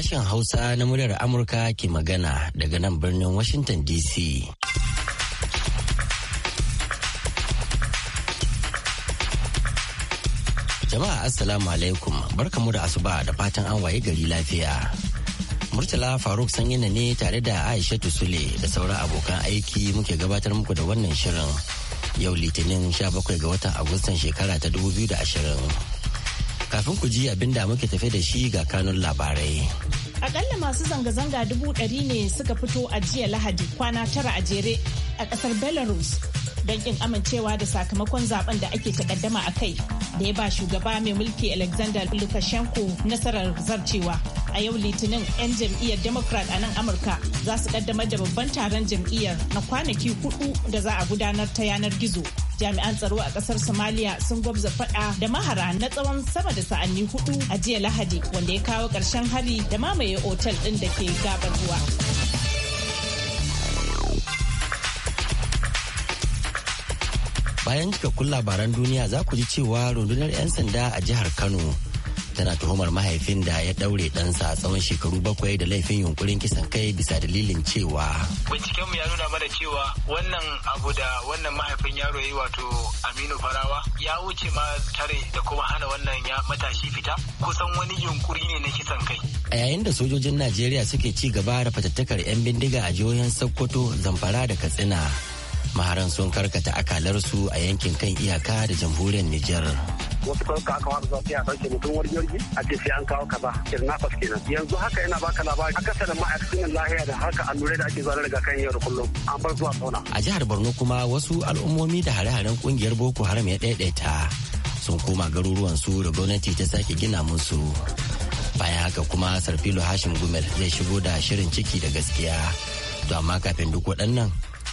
Sashen Hausa na muryar Amurka ke magana daga nan birnin Washington DC. Jama'a Assalamu alaikum barkamu da asuba da fatan an waye gari lafiya. Murtala Faruk Sanyina ne tare da Aisha Sule da sauran abokan aiki muke gabatar muku da wannan shirin yau Litinin 17 ga watan Agustan shekara ta 2020. kafin ku ji abin da muke tafe da shi ga kanun labarai. Akalla masu zanga-zanga dubu ɗari ne suka fito a jiya Lahadi kwana tara a jere a ƙasar Belarus don ƙin amincewa da sakamakon zaben da ake takaddama a kai da ya ba shugaba mai mulki Alexander Lukashenko nasarar zarcewa. A yau Litinin 'yan jam'iyyar Democrat a nan Amurka za su ƙaddamar da babban taron jam'iyyar na kwanaki hudu da za a gudanar ta yanar gizo. jami'an tsaro a kasar somalia sun gwabza fada da mahara na tsawon sama da sa'anni hudu a jiya lahadi wanda ya kawo karshen hari da mamaye otal din da ke gabar ruwa bayan cikakkun labaran duniya za ku ji cewa rundunar 'yan sanda a jihar kano tana tuhumar mahaifin da ya daure ɗansa tsawon shekaru bakwai da laifin yunkurin kisan kai bisa dalilin cewa. Bincikenmu ya nuna mana cewa wannan abu da wannan mahaifin yaro yi wato Aminu Farawa ya wuce ma tare da kuma hana wannan ya matashi fita kusan wani yunkuri ne na kisan kai. A yayin da sojojin Najeriya suke ci gaba da fatattakar 'yan bindiga a jihohin Sokoto, Zamfara da Katsina. maharan sun karkata akalarsu a yankin kan iyaka da jamhuriyar Nijar. wasu kawai aka wani zafi a ɗauke mutum wani jirgi a ce sai an kawo kaza kidnappers yanzu haka yana baka labari sanin ma'aikatan lahiya da haka allurai da ake zaune daga kan yau da kullum an bar zuwa sauna. a jihar borno kuma wasu al'ummomi da hare-haren kungiyar boko haram ya ɗaiɗaita sun koma garuruwan su da gwamnati ta sake gina musu bayan haka kuma sarfilo hashim gumel zai shigo da shirin ciki da gaskiya to amma kafin duk waɗannan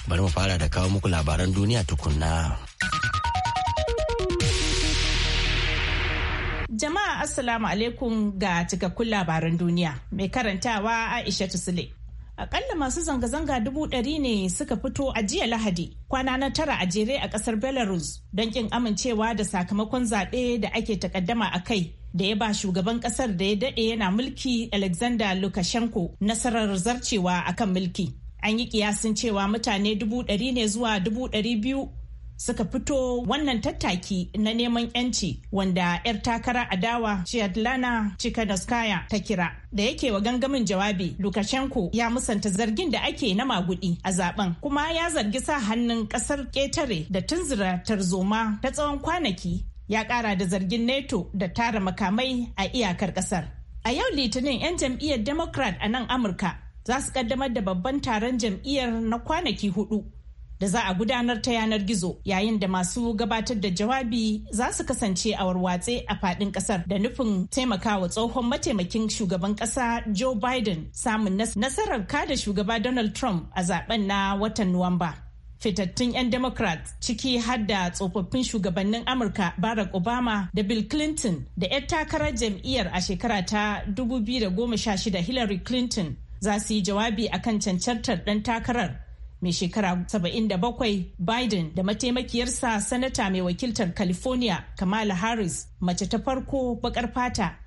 bari mu fara da kawo muku labaran duniya tukunna. Jama'a Assalamu alaikum ga cikakkun labaran duniya mai karantawa Aisha Tusile. Akalla masu zanga-zanga dubu ɗari ne suka fito a jiya Lahadi kwana na tara a jere a ƙasar Belarus don ƙin amincewa da sakamakon zaɓe da ake takaddama a kai da ya ba shugaban ƙasar da ya daɗe yana mulki Alexander Lukashenko nasarar zarcewa akan mulki. an yi kiyasin cewa mutane dubu ɗari ne zuwa dubu ɗari biyu suka fito wannan tattaki na neman yanci wanda 'yar takara adawa Chiadlana Chikanoskaya ta kira. Da yake wa gangamin jawabi, Lukashenko ya musanta zargin da ake na magudi a zaben kuma ya zargi sa hannun kasar ƙetare da tunzura tarzoma ta tsawon kwanaki ya ƙara da zargin NATO da tara makamai a iyakar ƙasar. A yau Litinin 'yan jam'iyyar Democrat a nan Amurka za su kaddamar da babban taron jam'iyyar na kwanaki hudu da za a gudanar ta yanar gizo yayin da masu gabatar da jawabi za su kasance a warwatse a fadin kasar da nufin taimakawa tsohon mataimakin shugaban kasa joe biden samun nasarar kada shugaba donald trump a zaben na watan nuwamba fitattun 'yan democrat ciki har da tsofaffin shugabannin amurka barack obama da bill clinton da 'yar takarar jam'iyyar a shekara ta 2016 hillary clinton za su yi jawabi a kan cancantar ɗan takarar mai shekara 77 Biden da mataimakiyarsa sanata mai wakiltar California Kamala Harris mace ta farko baƙar fata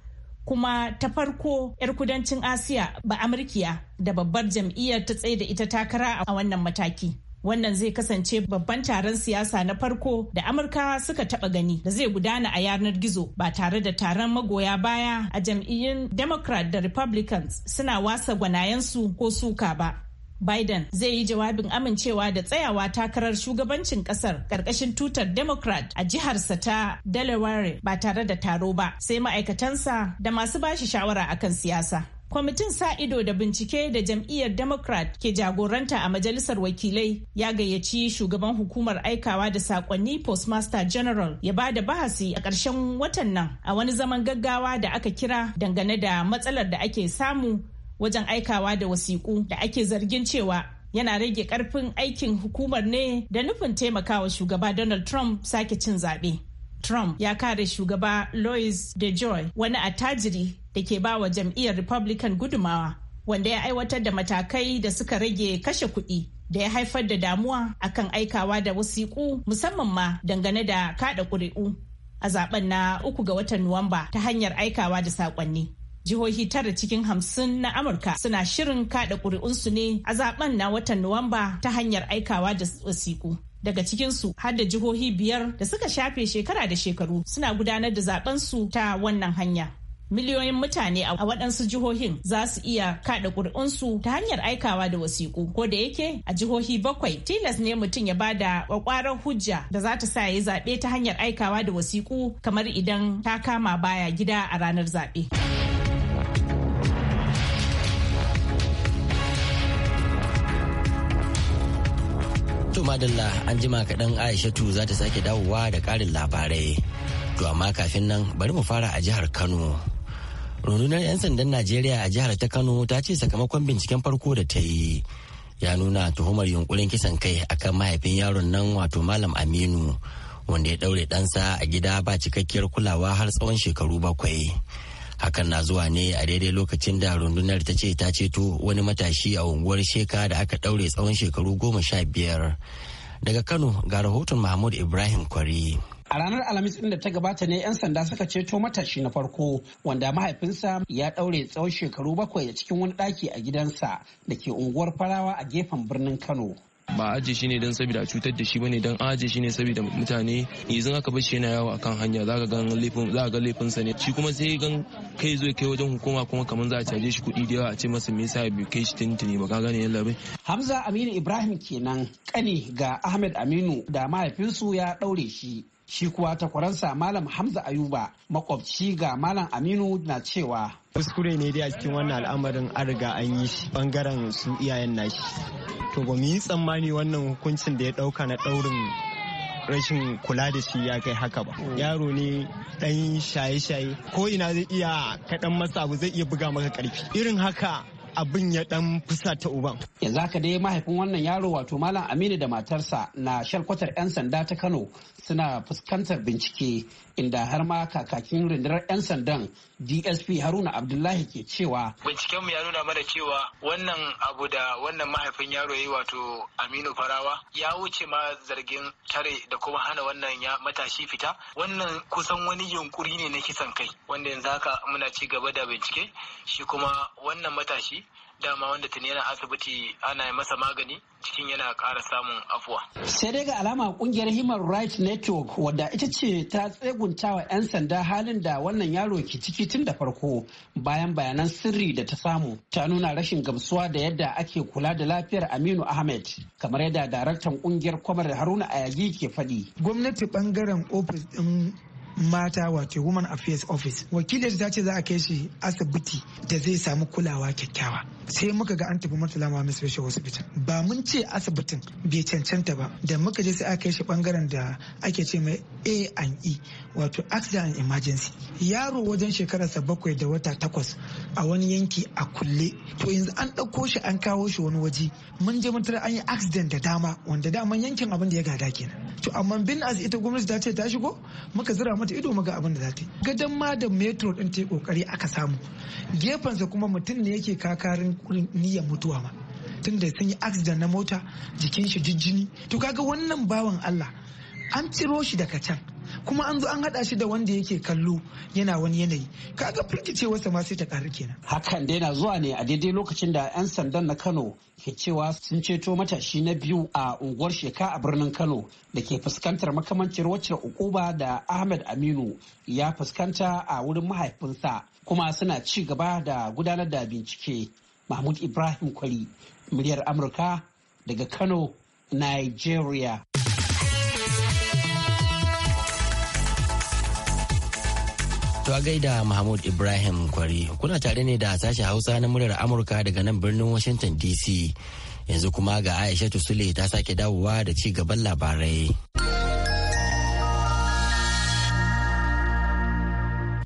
kuma ta farko 'yar kudancin Asiya ba Amurkiya da babbar jam'iyyar ta tsaye da ita takara a wannan mataki. Wannan zai kasance babban taron siyasa na farko da Amurka suka taɓa gani da zai gudana a yanar gizo ba tare da taron magoya baya a jam'iyyun Democrat da Republicans suna wasa gwanayensu ko suka ba. Biden zai yi jawabin amincewa da tsayawa takarar shugabancin kasar ƙarƙashin tutar Democrat a jiharsa ta Delaware ba tare da taro ba, sai ma'aikatansa da masu bashi shawara akan siyasa. Kwamitin sa ido da bincike da jam'iyyar Democrat ke jagoranta a Majalisar Wakilai ya gayyaci shugaban hukumar aikawa da sakonni Postmaster General ya ba da bahasi a ƙarshen watan nan a wani zaman gaggawa da aka kira dangane da matsalar da ake samu wajen aikawa da wasiƙu da ake zargin cewa yana rage ƙarfin aikin hukumar ne da nufin taimakawa shugaba Donald Trump sake cin zaɓe. Trump ya kare shugaba Louis Joy, wani attajiri da ke ba wa jam'iyyar Republican gudumawa wanda ya aiwatar da matakai da suka rage kashe kuɗi da ya haifar da damuwa akan aikawa da wasiƙu musamman ma dangane da kaɗa ƙuri'u a zaben na uku ga watan Nuwamba ta hanyar aikawa da saƙonni. Jihohi tara cikin hamsin na Amurka suna shirin kaɗa ƙuri'unsu ne a zaben na watan Nuwamba ta hanyar aikawa da wasiƙu. daga cikinsu har da jihohi biyar da suka shafe shekara da shekaru suna gudanar da su ta wannan hanya. miliyoyin mutane a waɗansu jihohin za su iya kaɗa ƙuri'unsu ta hanyar aikawa da wasiƙu ko da yake a jihohi bakwai tilas ne mutum ya bada ƙwaƙwarar hujja da za ta sa ya yi zaɓe ta hanyar aikawa da wasiƙu kamar idan ta kama baya gida a ranar zaɓe. To madalla an jima kaɗan Aishatu za ta sake dawowa da ƙarin labarai. To amma kafin nan bari mu fara a jihar Kano. rundunar 'yan sandan najeriya a jihar ta kano ta ce sakamakon binciken farko da ta yi ya nuna tuhumar yunkurin kisan kai akan mahaifin yaron nan wato malam aminu wanda ya daure ɗansa a gida ba cikakkiyar kulawa har tsawon shekaru bakwai hakan na zuwa ne a daidai lokacin da rundunar ta ce ta ceto wani matashi a unguwar sheka da aka daure tsawon shekaru goma sha biyar daga kano ga rahoton mahmud ibrahim kwari A ranar Alhamis din da ta gabata ne 'yan sanda suka ceto matashi na farko wanda mahaifinsa ya ɗaure tsawon shekaru bakwai a cikin wani daki a gidansa da ke unguwar Farawa a gefen birnin Kano. ba aje shi ne don saboda a cutar da shi bane don aje shi ne saboda mutane yanzu aka bar shi yana yawo akan hanya ka ga laifin zaka ga laifin sa ne shi kuma sai gan kai zo kai wajen hukuma kuma kamar za a caje shi kuɗi da yawa a ce masa me yasa bai kai shi tintini ba ka gane yalla bai Hamza Aminu Ibrahim kenan kani ga Ahmed Aminu da mahaifinsu ya daure shi shi kuwa takwaransa malam hamza ayuba makwabci ga malam aminu na cewa kuskure ne dai a cikin wannan al'amarin an riga an yi shi bangaren su iyayen nashi to ba mu yi tsammani wannan hukuncin da ya dauka na daurin rashin kula da shi ya kai haka ba yaro ne dan shaye-shaye ko ina zai iya kaɗan masa abu zai iya buga maka karfi irin haka abin ya dan fusa ta uban. Yanzu haka dai mahaifin wannan yaro wato Malam Aminu da matarsa na shalkwatar 'yan sanda ta Kano suna fuskantar bincike inda har ma kakakin rundunar 'yan sandan dsp haruna abdullahi ke cewa binciken mu ya nuna mana cewa wannan abu da wannan mahaifin yaro ya yi wato aminu farawa ya wuce ma zargin tare da kuma hana wannan ya matashi fita wannan kusan wani yunkuri ne na kisan kai wanda yanzu haka muna ci gaba da bincike shi kuma wannan matashi dama wanda tuni yana asibiti ana masa magani cikin yana ƙara samun afuwa. Sai dai ga alama kungiyar Human Rights Network wadda ita ce ta tseguntawa 'yan sanda halin da wannan yaro ke ciki tun da farko bayan bayanan sirri da ta samu ta nuna rashin gamsuwa da yadda ake kula da lafiyar Aminu Ahmed kamar yadda daraktan kungiyar kwamar Haruna Ayagi ke faɗi. Gwamnati bangaren ofis ɗin mata wato woman affairs office wakilin ta ce za a kai shi asibiti da zai samu kulawa kyakkyawa sai muka ga an tafi murtala mai special hospital ba mun ce asibitin bai cancanta ba da muka je sai a kai shi bangaren da ake ce mai a and e wato accident and emergency yaro wajen sa bakwai da wata takwas a wani yanki a kulle to yanzu an ɗauko shi an kawo shi wani waje mun je mun tara an yi accident da dama wanda daman yankin abin da ya gada kenan to amma bin as ita gwamnati ta ce ta shigo muka zira mata ido maga abin da za ta yi gadon ma da metro ɗin ta kokari aka samu gefensa kuma mutum ne yake kakarin niyyar mutuwa ma tun da sun yi accident na mota jikin shi jijjini to kaga wannan bawan Allah an ciro shi daga can kuma an zo an hada shi da wanda yake kallo yana wani yanayi kaga firgicewarsa ma sai ta ƙaru kenan hakan da yana zuwa ne a daidai lokacin da 'yan sandan na kano ke cewa sun ceto matashi na biyu a unguwar sheka a birnin kano da ke fuskantar makamancin wacce ukuba da ahmed aminu ya fuskanta a wurin mahaifinsa kuma suna ci gaba da gudanar da bincike mahmud ibrahim kwari muryar amurka daga kano nigeria To a gaida Mahmud Ibrahim Kwari kuna tare ne da sashen Hausa na muryar Amurka daga nan birnin Washington DC. Yanzu kuma ga Aisha Sule ta sake dawowa da ci gaban labarai.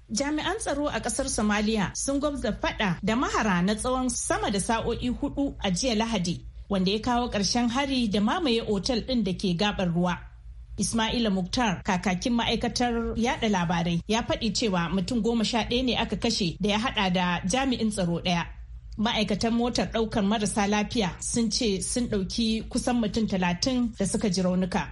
Jami'an tsaro a kasar Somalia sun gwabza fada da mahara na tsawon sama da sa'o'i hudu a jiya Lahadi, wanda ya kawo ƙarshen hari da mamaye otal ɗin da ke gabar ruwa. Ismaila Muktar kakakin ma'aikatar yada labarai ya faɗi cewa mutum goma sha ɗaya ne aka kashe da ya haɗa da jami'in tsaro ɗaya. Ma'aikatan motar ɗaukar marasa lafiya sun ce sun ɗauki kusan mutum talatin da suka ji raunuka.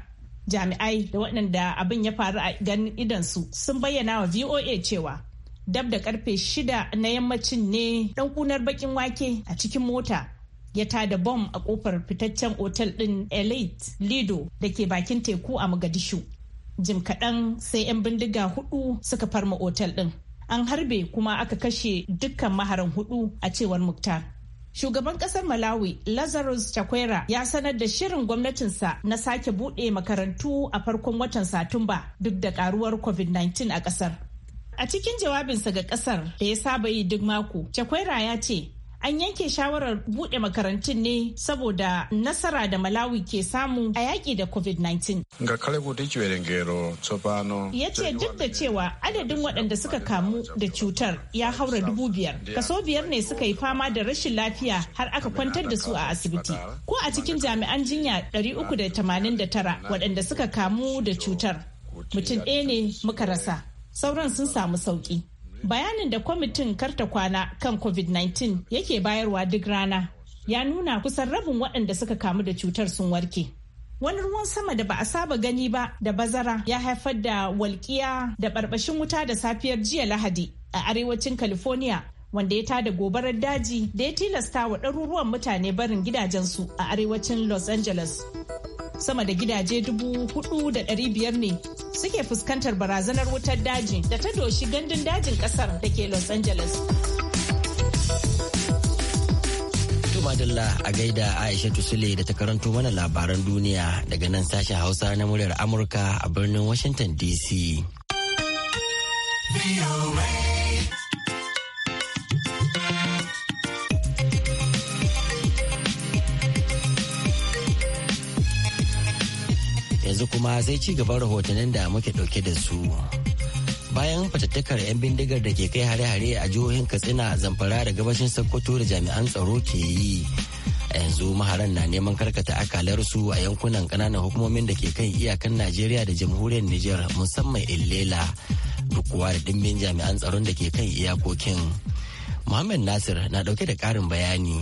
Jami'ai da waɗanda abin ya faru a ganin idansu sun bayyana wa VOA cewa dab da karfe shida na yammacin ne ɗan kunar baƙin wake a cikin mota ya tada bom a kofar fitaccen otal ɗin elite lido da ke bakin teku a mogadishu jim kaɗan sai 'yan bindiga hudu suka farma otal ɗin an harbe kuma aka kashe dukkan maharan hudu a cewar mukta. Shugaban kasar Malawi Lazarus Chakwera ya sanar da shirin gwamnatinsa na sake buɗe makarantu a farkon watan Satumba duk da karuwar COVID-19 a kasar. A cikin jawabinsa ga kasar da ya saba yi duk mako, Chakwera ya ce, an yanke shawarar buɗe makarantun ne saboda nasara da Malawi ke samu a yaƙi da COVID-19. Ya ce duk da cewa adadin waɗanda suka kamu da cutar ya haura dubu biyar. Kaso biyar ne suka yi fama da rashin lafiya har aka kwantar da su a asibiti. Ko a cikin jami'an jinya 389 waɗanda suka kamu da cutar. Mutum ɗaya ne muka rasa. Sauran sun samu sauƙi. Bayanin da kwamitin karta kwana kan COVID-19 yake bayarwa duk rana ya nuna kusan rabin waɗanda suka kamu da cutar sun warke. Wani ruwan sama da ba a saba gani ba da bazara ya haifar da walƙiya da ɓarɓashin wuta da safiyar jiya Lahadi a arewacin California wanda ya tada gobarar daji da ya tilasta wa ɗaruruwan mutane barin gidajensu a arewacin Los Angeles. sama da gidaje dubu hudu da ɗari biyar ne suke fuskantar barazanar wutar daji da ta doshi gandun dajin kasar da ke Los Angeles. madalla a gaida aisha tusule da ta karanto mana labaran duniya daga nan sashen hausa na muryar amurka a birnin washington dc. yanzu kuma sai ci gaban rahotannin da muke dauke da su bayan fatattakar 'yan bindigar da ke kai hare-hare a jihohin katsina zamfara da gabashin sokoto da jami'an tsaro ke yi a yanzu maharan na neman karkata akalarsu a yankunan kananan hukumomin da ke kan iyakan najeriya da jamhuriyar Nijar, musamman illela duk kuwa da dimbin jami'an tsaron da ke kan iyakokin muhammad nasir na dauke da karin bayani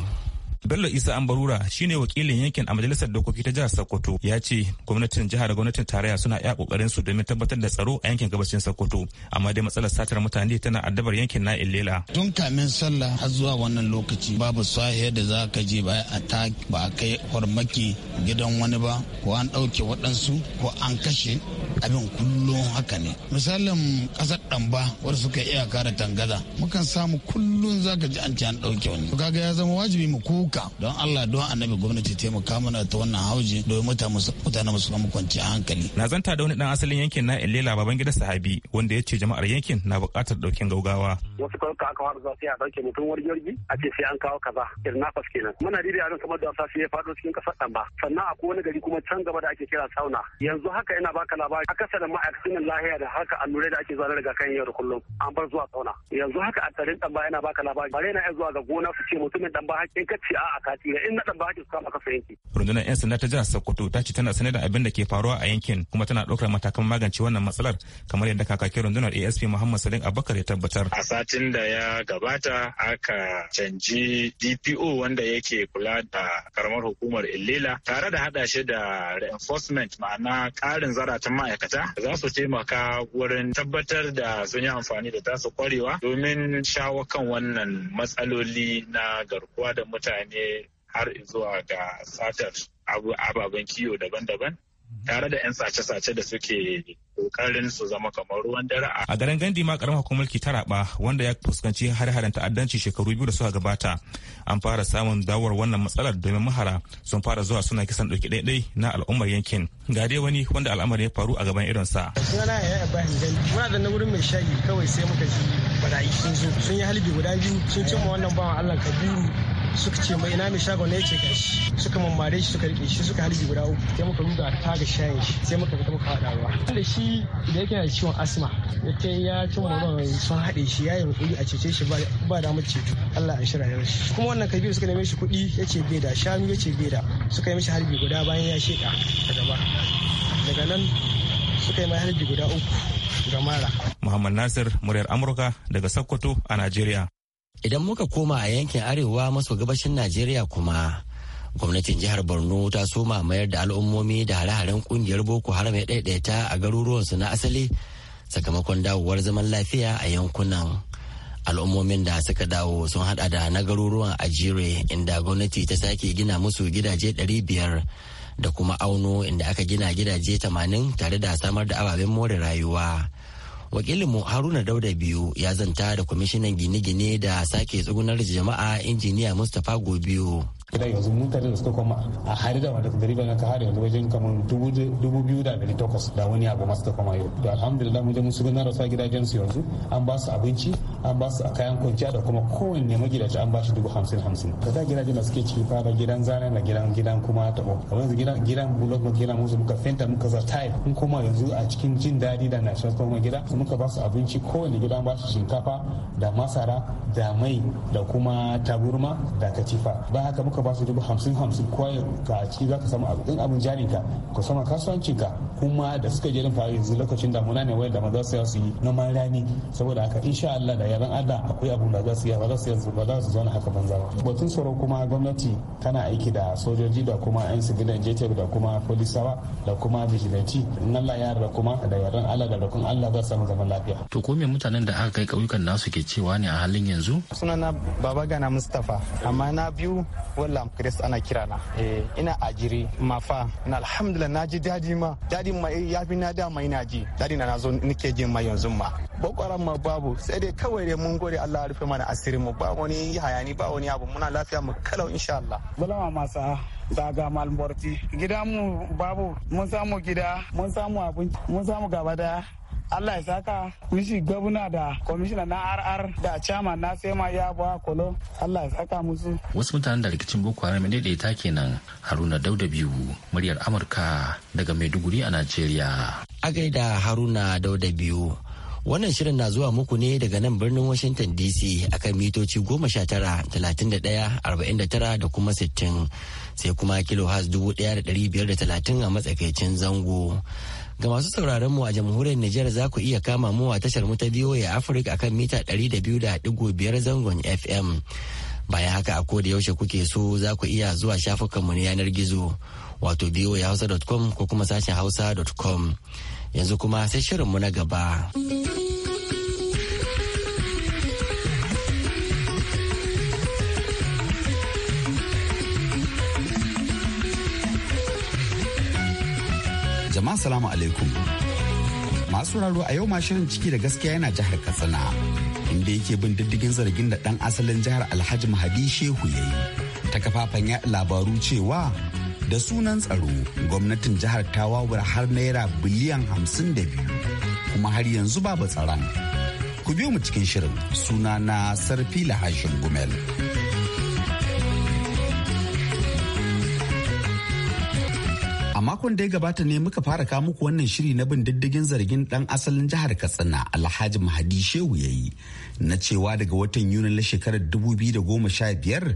Bello Isa Ambarura shine wakilin yankin a majalisar dokoki ta jihar Sokoto ya ce gwamnatin jihar da gwamnatin tarayya suna iya kokarin su domin tabbatar da tsaro a yankin gabashin Sokoto amma dai matsalar satar mutane tana addabar yankin na Ilela. Tun kamin sallah har zuwa wannan lokaci babu sahiya da za ka je ba a ta ba kai farmaki gidan wani ba ko an ɗauke waɗansu ko an kashe abin kullum haka ne. Misalin ƙasar ɗanba wadda suka iya kare tangaza mukan samu kullum za ka ji an an ɗauke wani. Kaga ya zama wajibi mu ko ƙauyuka don Allah don annabi gwamnati taimaka mana ta wannan hauji domin mutane su samu kwanciyar hankali. Na zanta da wani dan asalin yankin na Ilela gida Sahabi wanda ya ce jama'ar yankin na buƙatar ɗaukin gaugawa. Wasu kawuka aka fara sai a ɗauke mutum wani jirgi a ce sai an kawo kaza irin nafas kenan. Muna a nan kamar da wasa sai ya faɗo cikin ƙasar ɗan ba. Sannan akwai wani gari kuma can gaba da ake kira sauna. Yanzu haka ina baka labari akasarin ma'aikatan lahiya da haka allurai da ake zuwa daga kan yau da kullum an bar zuwa sauna. Yanzu haka a tarin ɗan ba ina baka labari. Bare na zuwa ga gona su ce mutumin ɗan ba hakkin kacce a'a ka tsira in na dan ba ka ka yanki rundunar yan sanda ta jihar Sokoto ta ce tana sanar da abin da ke faruwa a yankin kuma tana ɗaukar matakan magance wannan matsalar kamar yadda kakakin rundunar ASP Muhammad Salim Abubakar ya tabbatar a satin da ya gabata aka canji DPO wanda yake kula da karamar hukumar Illela tare da haɗa shi da reinforcement ma'ana ƙarin zaratan ma'aikata za su taimaka wurin tabbatar da sun yi amfani da tasu kwarewa domin shawo kan wannan matsaloli na garkuwa da mutane mutane har zuwa ga satar ababen kiwo daban-daban tare da 'yan sace-sace da suke kokarin su zama kamar ruwan dare a. garin Gandi ma karamar hukumar taraba wanda ya fuskanci har-haren ta'addanci shekaru biyu da suka gabata. An fara samun dawar wannan matsalar domin mahara sun fara zuwa suna kisan ɗauki ɗaiɗai na al'ummar yankin. Ga dai wani wanda al'amarin ya faru a gaban irinsa. Sunana ya Ibrahim Gandi. Muna da na wurin mai shayi kawai sai muka ji barayi sun Sun yi halibi guda biyu sun cimma wannan bawan Allah Kabiru suka ce mai ina mai shagon ne yace gashi suka mammare shi suka rike shi suka harbi guda uku sai muka ruga ta ga shayin shi sai muka fita muka hada ruwa da shi da yake da ciwon asma ya kai ya mu ruwan sun haɗe shi ya yi hukuri a cece shi ba da mu ceto Allah ya shirya shi kuma wannan kabiru suka neme shi kuɗi yace bai da shanu yace bai da suka yi mishi harbi guda bayan ya sheka a gaba daga nan suka yi mai harbi guda uku ga mara Muhammad Nasir muryar Amurka daga Sokoto a Najeriya Idan muka koma a yankin arewa maso gabashin Najeriya kuma gwamnatin jihar Borno ta soma mayar da al'ummomi da hare-haren kungiyar Boko Haram ya ɗaiɗaita a garuruwansu na asali sakamakon dawowar zaman lafiya a yankunan. al'ummomin da suka dawo sun hada da na garuruwan ajire inda gwamnati ta sake gina musu gidaje biyar, da kuma auno inda aka gina gidaje tamanin tare da samar da ababen more rayuwa wakilin mu haruna dauda biyu ya zanta da kwamishinan gine-gine da sake tsugunar jama'a injiniya mustapha gobiyo gidan yanzu mutane da suka koma a hari da daga dari bana ka hari yanzu wajen kamar dubu biyu da dari takwas da wani abu masu ta koma yau da alhamdulillah mun je mun sugunar da su gidajen su yanzu an ba su abinci an ba su kayan kwanciya da kuma kowanne magidaci an ba shi dubu hamsin hamsin da ta gidajen da suke ciki fara gidan zane da gidan gidan kuma ta kamar yanzu gidan gidan bulog muka gidan musu muka fenta muka za tile mun koma yanzu a cikin jin daɗi da na shan koma gida muka ba su abinci kowanne gida an ba shi shinkafa da masara da mai da kuma taburma da katifa ba haka muka ka ba su dubu hamsin hamsin ka a ciki za ka samu abin abin jarin ka ka sama kasuwancin ka kuma da suka je fara yanzu lokacin damuna ne wayar da maza su su yi noman rani saboda haka insha Allah da yaran Allah akwai abun da za su yi ba za su yanzu ba za su zauna haka banza ba batun tsaro kuma gwamnati tana aiki da sojoji da kuma yan sigilan JTF da kuma polisawa da kuma vigilanti in Allah ya yarda kuma da yaran Allah da rakun Allah za su samu zaman lafiya to ko me mutanen da aka kai kauyukan nasu ke cewa ne a halin yanzu sunana baba gana mustafa amma na biyu Malam Grace ana kira na. Eh, ina ajiri mafa na alhamdulillah eh, na ji daɗi ma daɗin ma ya fi na dama ina ji daɗi na zo ke jin ma yanzu ma. Bokwaran ma babu sai dai kawai dai mun gode Allah rufe mana asirin mu ba wani hayani ba wani abu muna lafiya mu kalau insha Allah. Zalama masa daga malmorti gida mu babu mun samu gida mun samu abinci mun samu gaba daya Allah ya saka shi gwamna da kwamishina na RR da chairman na Sema ya bawa kolo Allah ya saka musu. Wasu mutanen da rikicin Boko Haram ne da kenan Haruna Dauda biyu muryar Amurka daga Maiduguri a Najeriya. A gaida Haruna Dauda biyu Wannan shirin na zuwa muku ne daga nan birnin Washington DC akan mitoci 19 da kuma 60 sai kuma kilo has 1530 a matsakaicin zango. Ga masu sauraron mu a jamhuriyar Nijar za ku iya kama mu a tashar mu ta VOA Africa akan mita 200.5 zangon FM. Bayan haka a da yaushe kuke so za ku iya zuwa shafukanmu na yanar gizo wato voahausa.com ko kuma sashen hausa.com. Yanzu kuma sai shirinmu na gaba. Jama'a salamu alaikum. Masu raro a yau ma shirin ciki da gaskiya yana jihar Katsina. Inda yake bin diddigin zargin da dan asalin jihar Alhaji Mahadi Shehu ya yi. Ta kafafen ya labaru cewa da sunan tsaro gwamnatin jihar ta wawura har naira biliyan hamsin da biyu kuma har yanzu babu tsaron. Ku biyo mu cikin shirin suna na sarfi Hashin Gumel. makon da ya gabata ne muka fara kawo muku wannan shiri na bin diddigin zargin dan asalin jihar katsina alhaji mahadi shehu ya yi na cewa daga watan yuni na shekarar 2015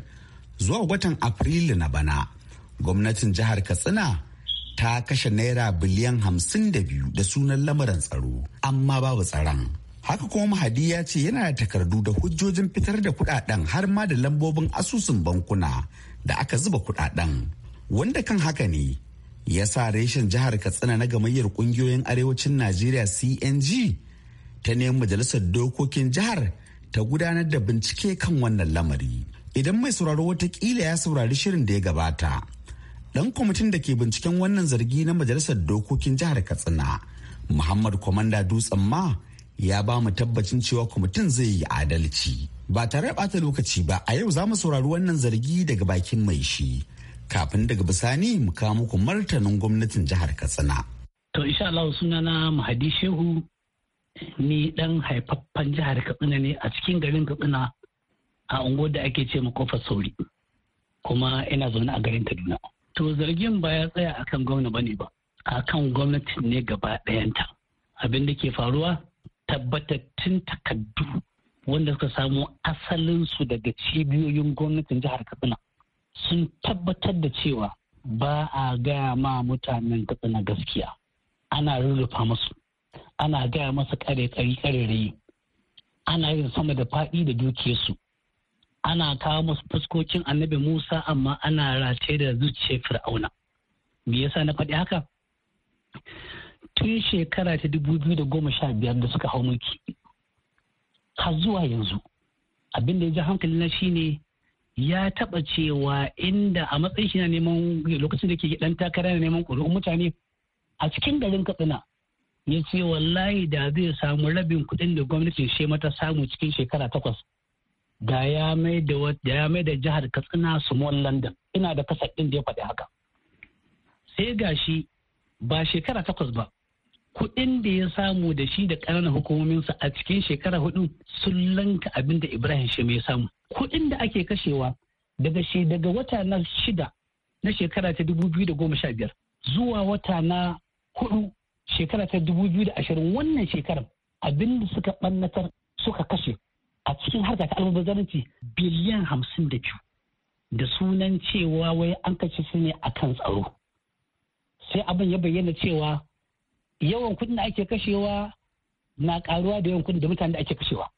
zuwa watan afrilu na bana gwamnatin jihar katsina ta kashe naira biliyan 52 da sunan lamarin tsaro amma babu tsaron haka kuma mahadi ya ce yana da takardu da hujjojin fitar da kudaden har ma da lambobin asusun bankuna da aka zuba kudaden wanda kan haka ne ya sa reshen jihar katsina na gamayyar kungiyoyin arewacin najeriya cng ta neman majalisar dokokin jihar ta gudanar da bincike kan wannan lamari idan mai sauraro watakila ya saurari shirin da ya gabata dan kwamitin da ke binciken wannan zargi na majalisar dokokin jihar katsina muhammad kwamanda dutsen ma ya ba mu tabbacin cewa kwamitin zai yi adalci ba tare bata lokaci ba a yau za mu saurari wannan zargi daga bakin mai shi kafin daga bisani mu kawo muku martanin gwamnatin jihar katsina to insha Allah sunana mahadi shehu ni dan haifaffen jihar katsina ne a cikin garin katsina a unguwar da ake ce makofar sauri kuma ina zaune a garin kaduna to zargin ba ya tsaya akan gwamna bane ba akan gwamnati ne gaba ɗayanta abin da ke faruwa tabbatattun takardu wanda suka samo asalinsu daga cibiyoyin gwamnatin jihar katsina sun tabbatar da cewa ba a gaya ma mutanen katsina gaskiya ana rurrufa musu ana gaya masa kare kare ana yin sama da faɗi da dukiyarsu ana kawo masu fuskokin annabi musa amma ana race da zuciyar fir'auna me yasa na faɗi haka tun shekara ta dubu biyu da goma sha biyar da suka hau mulki har zuwa yanzu abin da ya ji hankali na shine ya taba cewa inda a matsayin shi na neman lokacin da ke dan takara na neman kudu. mutane a cikin garin katsina ya ce wallahi da zai samu rabin kuɗin da gwamnatin shi mata samu cikin shekara takwas da ya mai da jihar katsina small london ina da kasar ɗin da ya faɗi haka sai gashi ba shekara takwas ba kuɗin da ya samu da shi da ƙananan hukumominsa a cikin shekara hudu sun lanka abin da Ibrahim Shehu ya samu. Kuɗin da ake kashewa daga shi daga wata na shida na shekara ta dubu biyu da goma sha biyar zuwa wata na hudu shekara ta dubu biyu da ashirin wannan shekarar abin da suka ɓannatar suka kashe a cikin harka ta biliyan hamsin da biyu da sunan cewa wai an kashe su ne akan tsaro. Sai abin ya bayyana cewa yawan kudin da ake kashewa na karuwa da yawan kudin da mutane da ake kashewa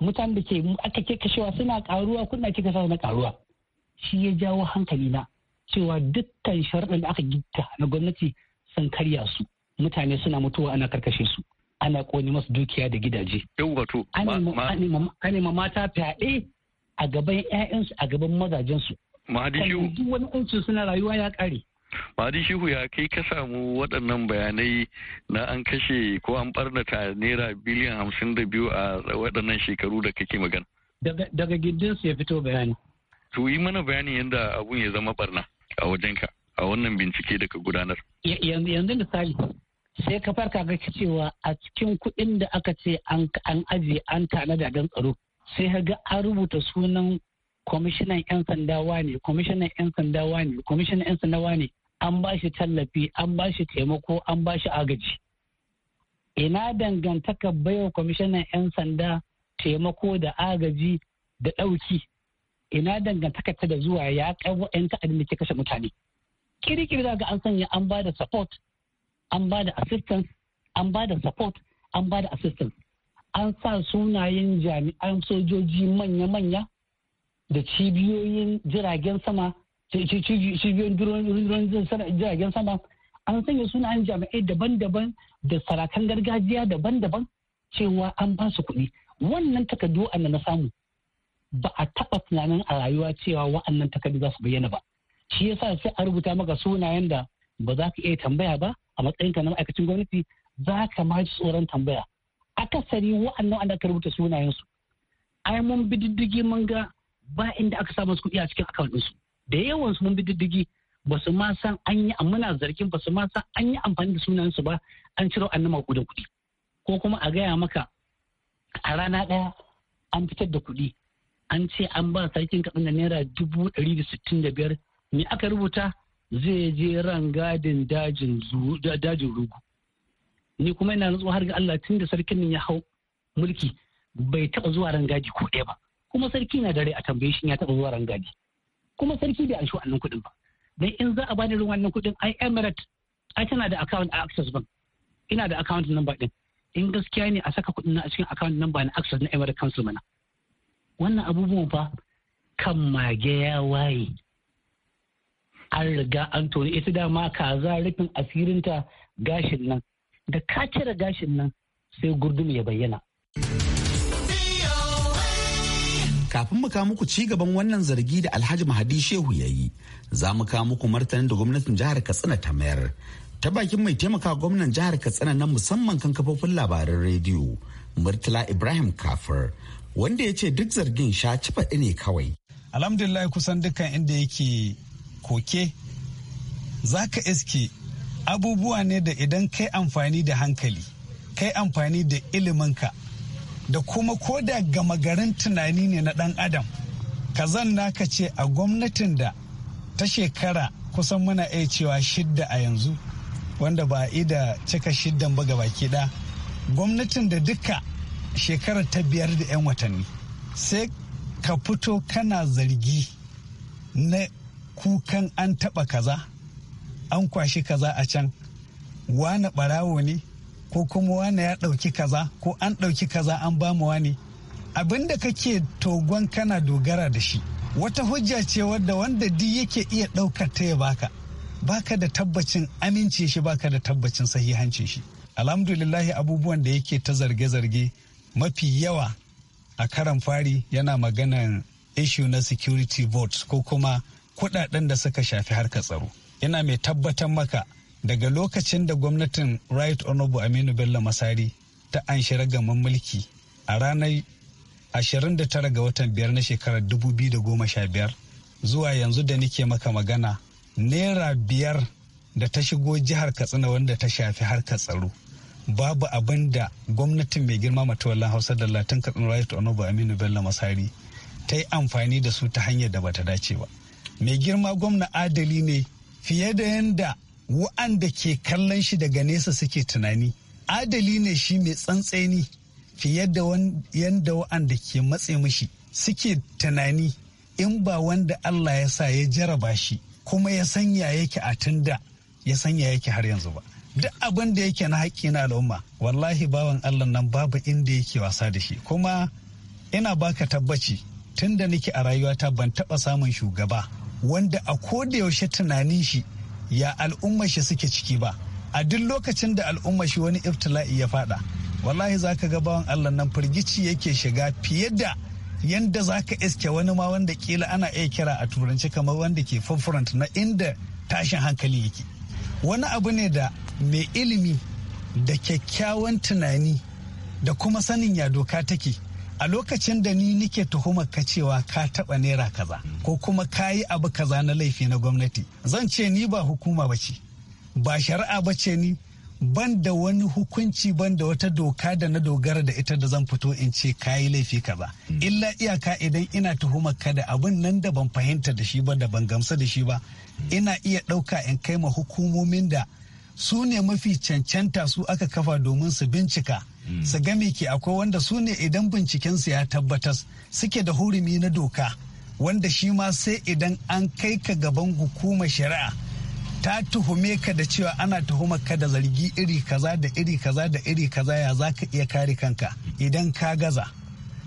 mutane da ke aka ke kashewa suna karuwa kudin da ake kashewa na karuwa shi ya jawo hankali na cewa dukkan sharuɗan da aka gita na gwamnati sun karya su mutane suna mutuwa ana karkashe su ana ƙone masu dukiya da gidaje. Yau Anima mata fyaɗe a gaban 'ya'yansu a gaban mazajensu. Mahadishu. Duk wani ƴancin suna rayuwa ya ƙare. Madi Shihu ya kai ka samu waɗannan bayanai na an kashe ko an ɓarnata naira biliyan hamsin da biyu a waɗannan shekaru da kake magana. Daga gindinsu ya fito bayani. To yi mana bayani yadda abun ya zama barna a wajenka a wannan bincike da ka gudanar. Yanzu misali sai ka farka ga cewa a cikin kuɗin da aka ce an ajiye an tanada don tsaro sai ka ga an rubuta sunan kwamishinan 'yan sanda wane kwamishinan 'yan sanda wane kwamishinan 'yan sanda wane an ba shi tallafi an ba shi taimako an ba shi agaji ina dangantaka baiwa kwamishinan 'yan sanda taimako da agaji da ɗauki ina dangantaka ta da zuwa ya kai 'yan ta'adin da ke kashe mutane kirkiri za ga an sanya an ba da support an ba da assistance an ba da support an ba da assistance an sa sunayen jami'an sojoji manya-manya da cibiyoyin jiragen sama cibiyoyin jiragen sama an sanya sunayen jami'ai daban-daban da sarakan gargajiya daban-daban cewa an ba su kuɗi wannan takardu wa'annan na samu ba a taɓa tunanin a rayuwa cewa wa'annan takardu za su bayyana ba shi yasa sai a rubuta maka sunayen da ba za ka iya tambaya ba a matsayinka na ma'aikacin gwamnati za ka ma ji tsoron tambaya akasari wa'annan an ka rubuta sunayensu ai mun bi diddigi mun ga ba inda aka samu kuɗi a cikin akawun ɗinsu da yawan sun mun bi diddigi ba su ma san an yi muna zargin ba su ma san an yi amfani da sunan su ba an ciro an nama kuɗin kuɗi ko kuma a gaya maka a rana ɗaya an fitar da kuɗi an ce an ba sarkin katsina naira dubu ɗari da sittin da biyar me aka rubuta zai je ran gadin dajin rugu ni kuma ina nutsuwa har ga Allah tun da sarkin ya hau mulki bai taɓa zuwa rangadi ko ɗaya ba kuma sarki na dare a tambaye shi ya taɓa zuwa rangadi kuma sarki bai anshi wannan kuɗin ba dan in za a bani ruwan wannan kuɗin ai emirate ai tana da account a access bank ina da account number din in gaskiya ne a saka kuɗin na a cikin account number na access na emirate council mana wannan abubuwan fa kan mage ya waye an riga an toni ita da ma kaza rufin asirinta gashin nan da ka cire gashin nan sai gurdum ya bayyana. Kafin mu kawo muku ci gaban wannan zargi da Alhaji Mahadi Shehu ya yi, za mu kawo muku martanin da gwamnatin jihar Katsina ta mayar. Ta bakin mai taimaka gwamnan jihar Katsina na musamman kan kafofin labaran rediyo, Murtala Ibrahim Kafir, wanda ya ce duk zargin sha cifa ne kawai. Alhamdulillah kusan dukkan inda yake koke, za ka iske abubuwa ne da idan kai amfani da hankali, kai amfani da iliminka. da kuma ko da gama garin tunani ne na ɗan adam kazan naka ce a gwamnatin da ta shekara kusan muna iya cewa shidda a yanzu wanda ba ida cika shiddan ba baki ɗaya gwamnatin da duka shekara ta biyar da 'yan watanni sai ka fito kana zargi na kukan an taɓa kaza an kwashi kaza a can wane ɓarawo ne ko kuma wani ya ɗauki kaza ko an ɗauki kaza an ba mu wani abin da kake togon kana dogara da shi wata hujja ce wadda wanda duk yake iya ɗaukar ta ya baka baka da tabbacin amince shi baka da tabbacin sahihanci shi alhamdulillahi abubuwan da yake ta zarge-zarge mafi yawa a karan fari yana maganan ishu na security votes ko kuma kuɗaɗen da suka shafi harkar tsaro yana mai tabbatar maka daga lokacin da gwamnatin right honorable aminu bello masari ta anshi ragaman mulki a ranar 29 ga watan biyar na shekarar 2015 zuwa yanzu da nike maka magana naira biyar da ta shigo jihar katsina wanda ta shafi harkar tsaro babu abin da gwamnatin mai girma matawallan hausa da latin katsina right honorable aminu bello masari ta yi amfani da su ta hanyar da bata dace ba mai girma gwamna adali ne fiye da yadda wa'anda ke kallon shi daga nesa suke tunani adali ne shi mai tsantseni fiye da yadda wa'anda ke matse mashi suke tunani in ba wanda Allah ya sa ya jaraba shi kuma ya sanya yake a tunda ya sanya yake har yanzu ba duk abin da yake na haƙƙi na al'umma wallahi bawan Allah nan babu inda yake wasa da shi kuma ina baka tabbaci tunda nake a rayuwata ban taɓa samun shugaba wanda a ko da yaushe tunanin shi ya al'ummar shi suke ciki ba a duk lokacin da al'ummar shi wani iftila'i ya fada wallahi za ka bawan allah nan firgici yake shiga fiye da yadda za ka iske wani ma wanda kila ana iya kira a turanci kamar wanda ke forefront na inda tashin hankali yake wani abu ne da mai ilimi da kyakkyawan tunani da kuma sanin ya doka take a lokacin da ni nike tuhumar ka cewa ka taba naira kaza ko kuma ka yi abu kaza na laifi na gwamnati zan ce ni ba hukuma ba ce ba shari'a ba ce ni ban da wani hukunci ban da wata doka da na dogara da ita da zan fito in ce ka yi laifi ka ba hmm. illa iyaka idan ina tuhumar ka da abin nan da ban fahimta da shi ba da ban gamsa da shi ba hmm. ina iya ɗauka in kai ma hukumomin da su ne mafi cancanta su aka kafa domin su bincika Mm. su ke akwai wanda su ne idan bincikensu ya tabbatar suke da hurumi na doka wanda shi ma sai idan an kai ka gaban hukumar shari'a ta tuhume ka da cewa ana tuhumar ka da zargi iri kaza da iri kaza da iri kaza ya za ka iya kare kanka idan ka gaza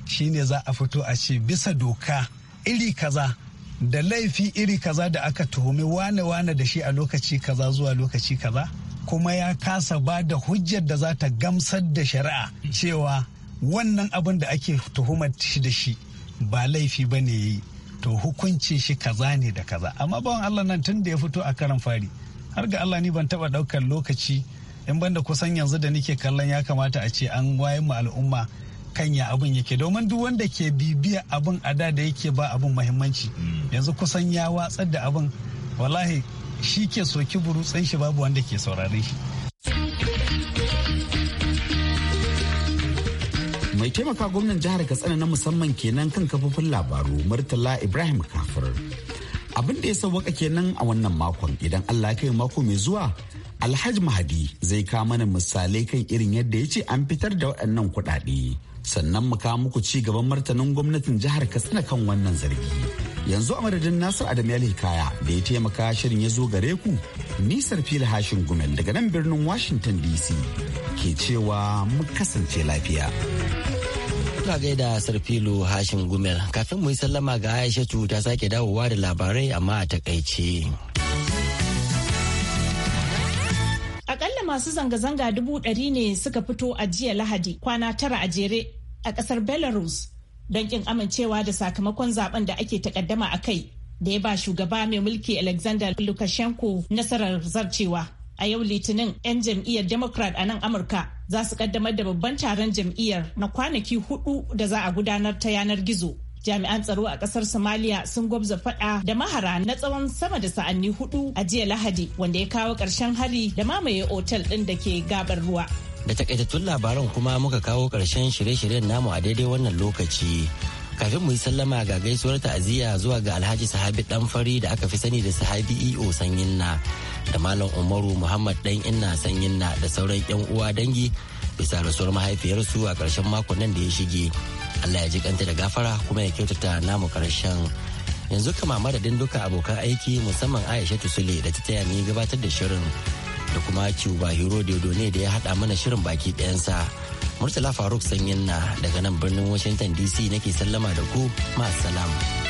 Shi ne za a fito a ce bisa doka iri kaza da laifi iri kaza da aka tuhumi wane wane da shi a lokaci kaza zuwa lokaci kaza kuma ya kasa ba da hujjar da za ta gamsar da shari'a cewa wannan abin da ake tuhumar shi da shi ba laifi ba ne yi to hukunci shi kaza ne da kaza amma bawan allah nan tun da ya fito a karan fari har ga allah ni ban taba daukar lokaci in banda kusan yanzu da nike kallon ya kamata a ce an waye mu al'umma kan ya abin yake domin duk wanda ke bibiya abin a da da yake ba abin muhimmanci mm. yanzu kusan ya watsar da abin wallahi shi ke soki burutsen shi babu wanda ke saurare shi mai taimaka gwamnan jihar katsina na musamman kenan kan kafofin labaru murtala ibrahim kafir abin da ya sauwaka kenan a wannan makon idan allah kai mako mai zuwa alhaji mahadi zai ka mana misalai kan irin yadda ya ce an fitar da waɗannan kuɗaɗe sannan mu kawo muku ci gaban martanin gwamnatin jihar katsina kan wannan zargi yanzu a madadin nasir adam ya kaya da ya taimaka shirin ya zo gare ku nisar fil hashin gumel daga nan birnin washington dc ke cewa mu kasance lafiya Ka gaida sarfilu hashim gumel kafin mu yi sallama ga aishatu ta sake dawowa da labarai amma a takaice. Akalla masu zanga-zanga dubu ɗari ne suka fito a jiya lahadi kwana tara a jere a ƙasar Belarus don kin amincewa da sakamakon zaben da ake takaddama a kai da ya ba shugaba mai mulki alexander lukashenko nasarar zarcewa a yau litinin 'yan jam'iyyar democrat a nan amurka za su kaddamar da babban taron jam'iyyar na kwanaki hudu da za a gudanar ta yanar gizo jami'an tsaro a kasar somalia sun gwabza fada da mahara na tsawon sama da sa'anni hudu a jiya lahadi wanda ya kawo ƙarshen hari da mamaye otel ɗin da ke gabar ruwa da takaitattun labaran kuma muka kawo ƙarshen shirye-shiryen namu a daidai wannan lokaci kafin mu yi sallama ga gaisuwar ta'aziyya zuwa ga alhaji sahabi dan fari da aka fi sani da sahabi iyo e sanyin na da malam umaru muhammad dan inna sanyin na da sauran yan uwa dangi bisa rasuwar mahaifiyarsu a karshen makon nan da ya shige allah ya ji kanta da gafara kuma ya kyautata namu karshen yanzu kama madadin duka abokan aiki musamman aisha tusule da ta taya ni gabatar da shirin da kuma cuba hero ne da ya hada mana shirin baki ɗayansa murtala faruk sanyin na daga nan birnin washington dc nake sallama da ku ma salam.